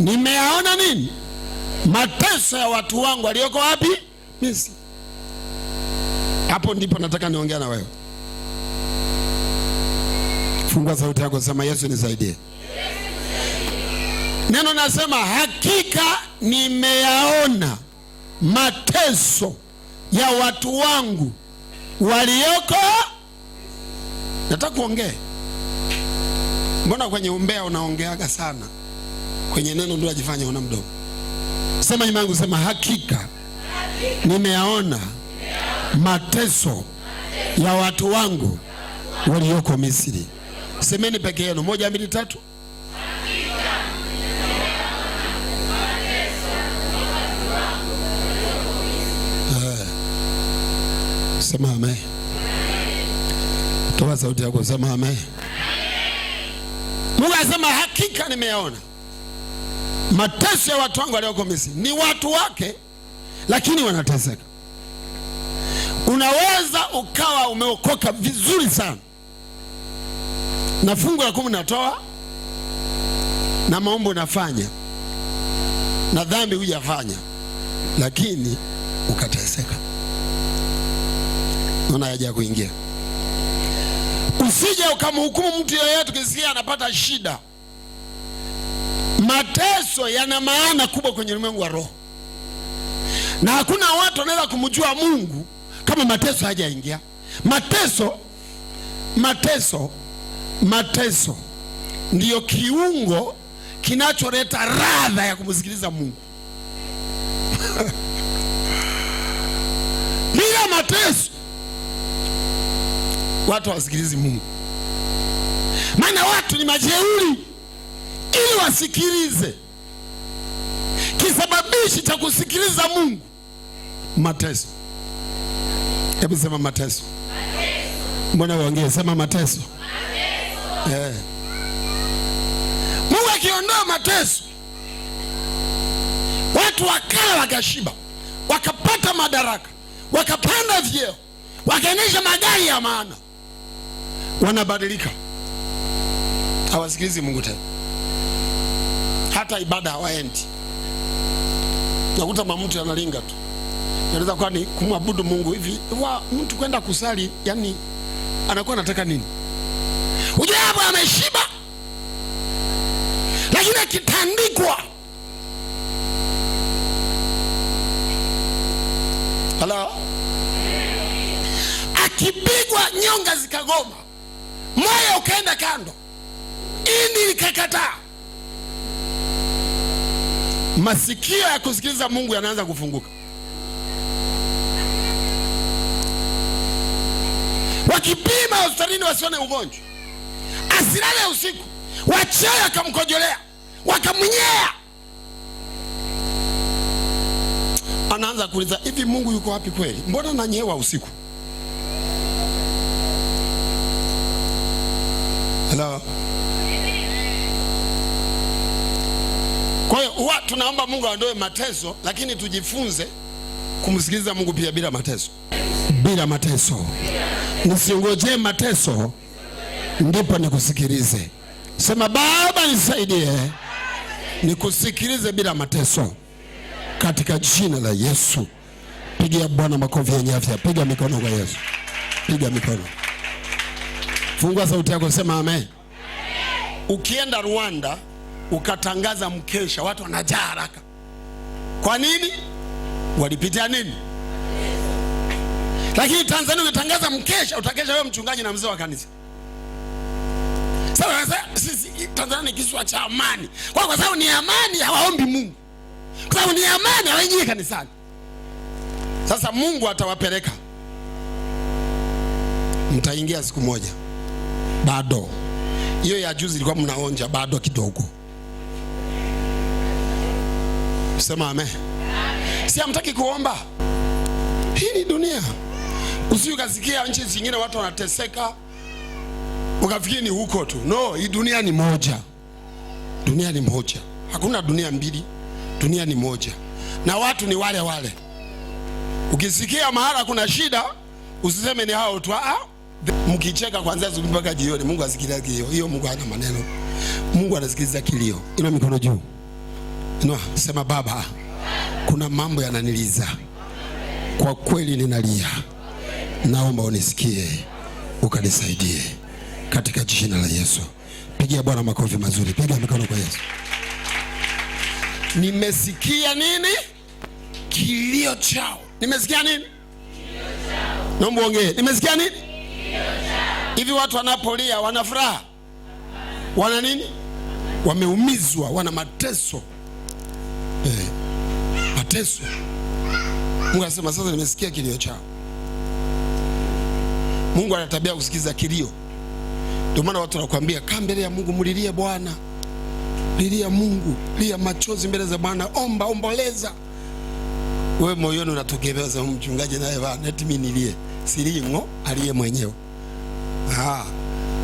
nimeyaona nini mateso ya watu wangu walioko wapi Misri. Hapo ndipo nataka niongea na wewe. Fungua sauti yako, sema Yesu nisaidie. Neno nasema hakika nimeyaona mateso ya watu wangu walioko. Nataka kuongea. Mbona kwenye umbea unaongeaga sana? kwenye neno ndio ajifanye una mdogo. Sema nyuma yangu, sema hakika nimeyaona mateso ya watu wangu walioko Misri. Semeni peke yenu, moja, mbili, tatu. Eh, sema amen. Toa sauti yako, sema amen. Mungu anasema hakika nimeyaona Mateso ya watu wangu walioko Misri ni watu wake, lakini wanateseka. Unaweza ukawa umeokoka vizuri sana na fungu la kumi natoa na maombo nafanya na dhambi hujafanya, lakini ukateseka. Naona haja kuingia. Usije ukamhukumu mtu yeyote, ukisikia anapata shida mateso yana maana kubwa kwenye ulimwengu wa roho, na hakuna watu wanaweza kumjua Mungu kama mateso hajaingia. Mateso, mateso, mateso ndiyo kiungo kinacholeta radha ya kumsikiliza Mungu. Bila mateso watu hawasikilizi Mungu, maana watu ni majeuri wasikilize asikilize. Kisababishi cha kusikiliza Mungu, mateso. Hebu sema mateso. Mbona waongee, sema mateso. Eh. Mungu akiondoa mateso, watu wakala wakashiba, wakapata madaraka, wakapanda vyeo, wakaendesha magari ya maana, wanabadilika, hawasikilizi Mungu tena hata ibada hawaendi. Nakuta mamtu analinga tu, anaweza kuwa ni kumwabudu Mungu hivi wa mtu kwenda kusali, yani anakuwa anataka nini? Ujue ameshiba, lakini akitandikwa Halo, akipigwa nyonga zikagoma, moyo ukaenda kando, ini likakataa masikio ya kusikiliza Mungu yanaanza kufunguka. Wakipima hospitalini wasione ugonjwa, asilale usiku, wachawi wakamkojolea, wakamnyea, anaanza kuuliza hivi, Mungu yuko wapi kweli? Mbona nanyewa usiku? Hello. Kwa hiyo huwa tunaomba Mungu aondoe mateso, lakini tujifunze kumsikiliza Mungu pia bila mateso. Bila mateso, nisingojee mateso ndipo nikusikilize. Sema Baba nisaidie nikusikilize bila mateso, katika jina la Yesu. Pigia Bwana makofi yenye afya, piga mikono kwa Yesu, piga mikono, fungua sauti yako, sema amen. Ukienda Rwanda ukatangaza mkesha, watu wanajaa haraka. Kwa nini? Walipitia nini? Lakini Tanzania unatangaza mkesha, utakesha wewe mchungaji na mzee wa kanisa. Sasa sisi Tanzania ni kisiwa cha amani, kwa kwa sababu ni amani hawaombi Mungu, kwa sababu ni amani hawaingii kanisani. Sasa Mungu atawapeleka, mtaingia siku moja. Bado hiyo ya juzi ilikuwa mnaonja, bado kidogo. Sema ame, si hamtaki kuomba? Hii ni dunia. Usije ukasikia nchi zingine watu wanateseka ukafikiri ni huko tu. No, hii dunia ni moja, dunia ni moja, hakuna dunia mbili, dunia ni moja na watu ni wale wale. Ukisikia mahala kuna shida, usiseme ni hao tu. Ah, ah. Mkicheka kwanza asubuhi mpaka jioni, Mungu asikiliza hiyo hiyo. Mungu hana maneno, Mungu anasikiliza kilio. Ina mikono juu. No, sema Baba, kuna mambo yananiliza kwa kweli, ninalia, naomba unisikie ukanisaidie katika jina la Yesu. Pigia Bwana makofi mazuri, pigia mikono kwa Yesu. Nimesikia nini? Kilio chao. Nimesikia nini? Naomba ongee. Nimesikia nini? Hivi watu wanapolia wana furaha, wana nini? Wameumizwa, wana mateso eh, mateso. Mungu anasema sasa, nimesikia kilio chao. Mungu ana tabia kusikiza kilio. Ndio maana watu wanakuambia kaa mbele ya Mungu, mlilie Bwana, lilia Mungu, lia machozi mbele za Bwana, omba, omboleza. Wewe moyoni unatokeleza mchungaji naye bana, eti mimi nilie silingo aliye mwenyewe. Ah,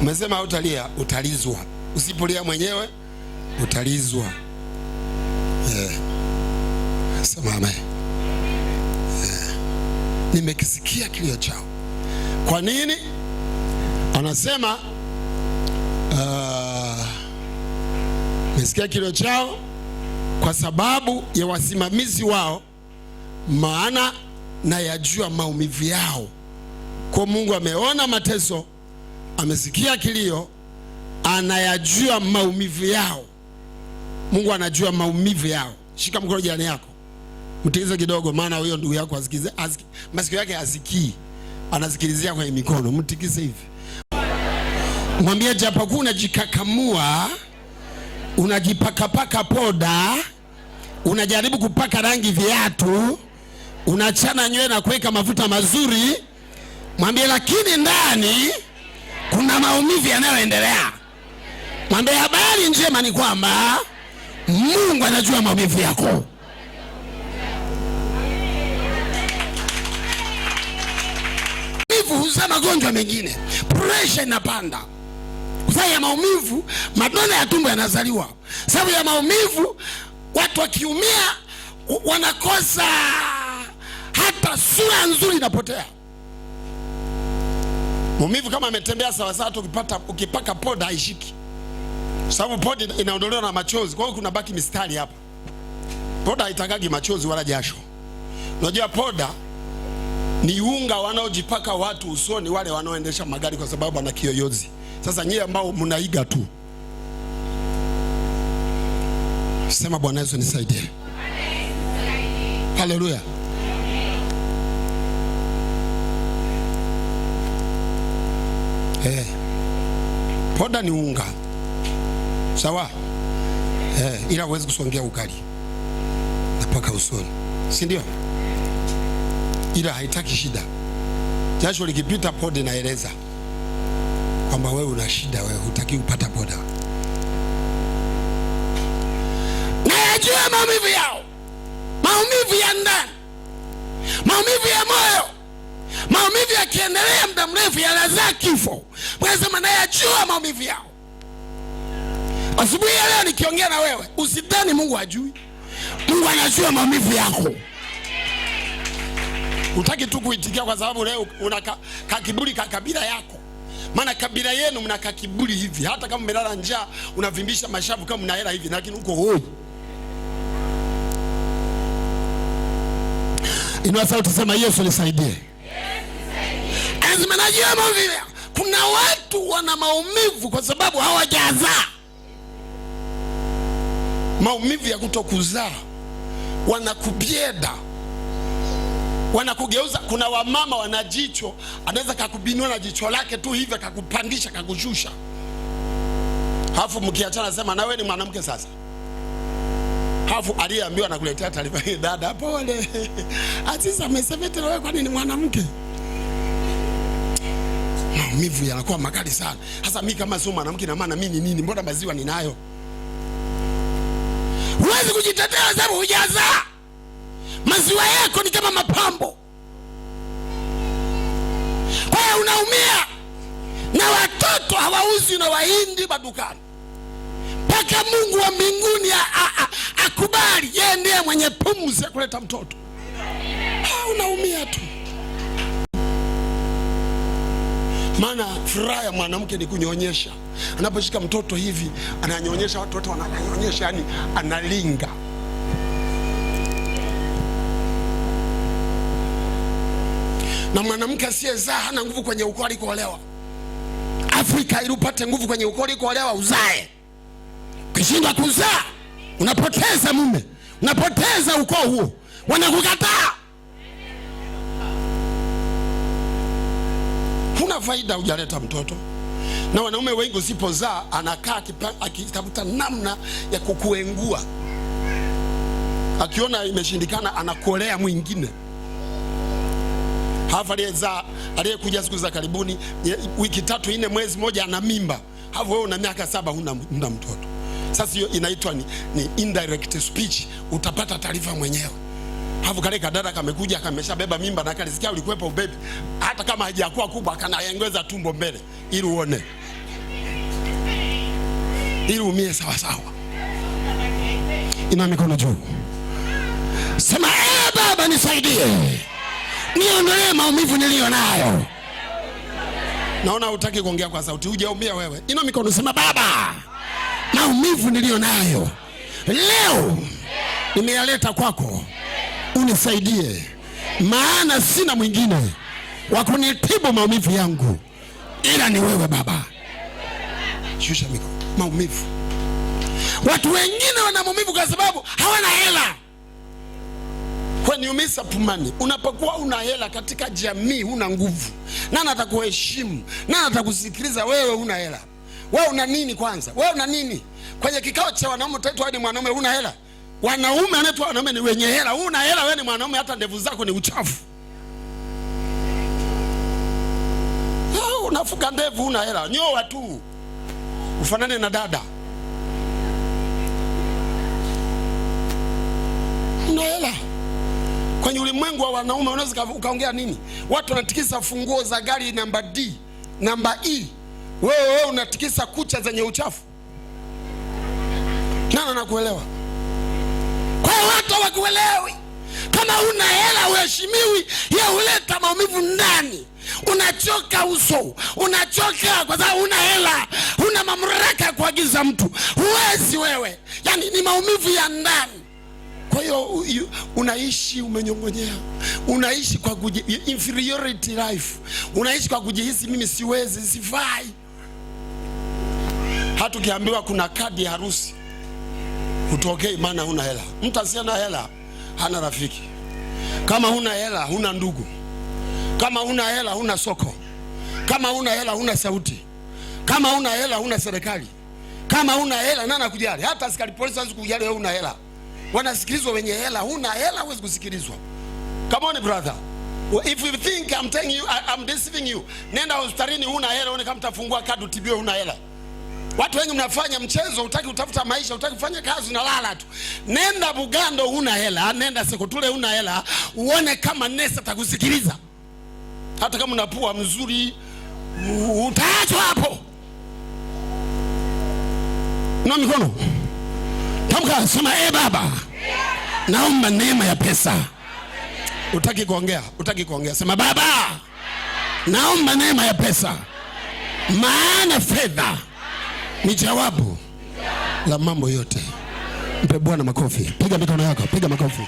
umesema utalia, utalizwa. Usipolia mwenyewe utalizwa eh, nimekisikia kilio chao. Kwa nini anasema eh, nimesikia uh, kilio chao kwa sababu ya wasimamizi wao, maana nayajua maumivu yao. Kwa Mungu ameona mateso, amesikia kilio, anayajua maumivu yao. Mungu anajua maumivu yao. Shika mkono jirani yako, mtilize kidogo, maana huyo ndugu yako asikize, masikio yake asikii, anasikilizia kwenye mikono. Mtikise hivi, mwambie japokuwa unajikakamua, unajipakapaka poda, unajaribu kupaka rangi viatu, unachana nywele na kuweka mafuta mazuri, mwambie lakini ndani kuna maumivu yanayoendelea. Mwambie habari njema ni kwamba Mungu anajua maumivu yako. Maumivu za magonjwa mengine, presha inapanda kwa sababu ya maumivu. Madona ya tumbo yanazaliwa sababu ya maumivu. Watu wakiumia wanakosa hata sura nzuri, inapotea maumivu. Kama ametembea sawasawa tu, ukipata ukipaka poda haishiki sababu poda inaondolewa na machozi. Kwa hiyo kuna baki mistari hapa. Poda haitangagi machozi wala jasho. Unajua poda ni unga wanaojipaka watu usoni, wale wanaoendesha magari, kwa sababu ana kiyoyozi. Sasa nyie ambao mnaiga tu, sema Bwana Yesu nisaidie. Haleluya. Hey. Eh. Poda ni unga sawa eh, ila huwezi kusongea ugali napaka usoni, si ndio? Ila haitaki shida. Jasho likipita poda naeleza kwamba wewe una shida, wewe hutaki kupata poda. nayajua maumivu yao, maumivu ya ndani, maumivu ya moyo maumivu yakiendelea muda mrefu yalaza kifo. Bwana nayajua naye ajua maumivu yao. Asubuhi ya leo nikiongea na wewe, usidhani Mungu hajui. Mungu anajua maumivu yako. Utaki tu kuitikia kwa sababu leo una ka, ka kiburi ka kabila yako. Maana kabila yenu mna ka kiburi hivi. Hata kama mmelala njaa, unavimbisha mashavu kama mna hela hivi, lakini uko hoi. Inua sauti sema Yesu nisaidie. Yesu nisaidie. Kuna watu wana maumivu kwa sababu hawajazaa maumivu ya kutokuzaa, wanakubieda wanakugeuza. Kuna wamama wana jicho, anaweza kakubinua na jicho lake tu hivi kakupandisha kakushusha halafu mkiachana, anasema na wewe ni mwanamke sasa. Halafu aliyeambiwa nakuletea taarifa hii, dada pole, Aziza amesema tena wewe, kwani ni mwanamke? Maumivu yanakuwa makali sana. Sasa mi kama sio mwanamke, na maana ni nini? Mbona maziwa ninayo? Huwezi kujitetea sababu hujazaa. Maziwa yako ni kama mapambo, kwa hiyo unaumia. Na watoto hawauzi na wahindi madukani mpaka Mungu wa mbinguni akubali yeye ndiye mwenye pumzi ya kuleta mtoto. Ha, unaumia tu. Maana furaha ya mwanamke ni kunyonyesha. Anaposhika mtoto hivi ananyonyesha, watu wote wananyonyesha, yani analinga. Na mwanamke asiyezaa hana nguvu kwenye ukoo alikoolewa Afrika ili upate nguvu kwenye ukoo alikoolewa uzae. Ukishindwa kuzaa unapoteza mume, unapoteza ukoo huo, wanakukataa faida hujaleta mtoto. Na wanaume wengi usipozaa, anakaa akitafuta namna ya kukuengua, akiona imeshindikana, anakolea mwingine. Hafu aliyezaa aliyekuja siku za karibuni, wiki tatu nne, mwezi moja, ana mimba. Hafu wewe una miaka saba, huna mtoto. Sasa hiyo inaitwa ni, ni indirect speech. Utapata taarifa mwenyewe. Hapo kale kadada kamekuja kameshabeba mimba na sikia ulikuwepo ubebi, hata kama hajakuwa kubwa, kanaengeza tumbo mbele ili uone, ili umie sawa sawa. Ina mikono juu, sema ee Baba nisaidie, niondolee maumivu niliyo nayo. Naona utaki kuongea kwa sauti, hujaumia wewe. Ina mikono, sema Baba, maumivu niliyo nayo leo nimeyaleta kwako unisaidie, maana sina mwingine wa kunitibu maumivu yangu ila ni wewe Baba. Shusha Maumivu, watu wengine wana maumivu kwa sababu hawana hela. When you miss up money, unapokuwa una hela katika jamii, huna nguvu, nani atakuheshimu? Nani atakusikiliza? Wewe una hela, wewe una nini? Kwanza wewe una nini? Kwenye kikao cha wanaume utaitwa hadi mwanaume, una hela Wanaume anaitwa wanaume ni wenye hela. Wewe una hela, wewe ni mwanaume, hata ndevu zako ni uchafu. Oh, unafuka ndevu, una hela, nyoa tu ufanane na dada. Una hela. Kwenye ulimwengu wa wanaume unaweza ukaongea nini? Watu wanatikisa funguo za gari namba D, namba E. Wewe wewe unatikisa kucha zenye uchafu. Nani anakuelewa? Kwa hiyo watu hawakuelewi. Kama una hela uheshimiwi, hiyo huleta maumivu ndani. Unachoka uso, unachoka kwa sababu una hela, huna mamlaka ya kuagiza mtu, huwezi wewe, yani ni maumivu ya ndani. Kwa hiyo unaishi umenyong'onyea, unaishi kwa kuji, inferiority life, unaishi kwa kujihisi mimi siwezi, sifai. Hata ukiambiwa kuna kadi ya harusi utokei maana huna hela. Mtu asiye na hela hana rafiki. Kama huna hela huna ndugu. Kama huna hela huna soko. Kama huna hela huna sauti. Kama huna hela huna serikali. Kama huna hela nani anakujali? Hata askari polisi hawezi kujali wewe una hela. Wanasikilizwa wenye hela, huna hela huwezi kusikilizwa. Come on brother. If you think I'm telling you I'm deceiving you. Nenda hospitalini huna hela, unakamtafungua kadi utibiwe huna hela. Watu wengi mnafanya mchezo, utaki utafuta maisha, utaki kufanya kazi, unalala tu. Nenda Bugando huna hela, nenda Sekotule huna hela, uone kama Nesa atakusikiliza. Hata kama unapua mzuri, utaachwa hapo na mikono tamka, sema e Baba, naomba neema ya pesa. Utaki kuongea, utaki kuongea, sema Baba, naomba neema ya pesa, maana fedha ni jawabu la mambo yote. Mpe Bwana makofi, piga mikono yako, piga makofi.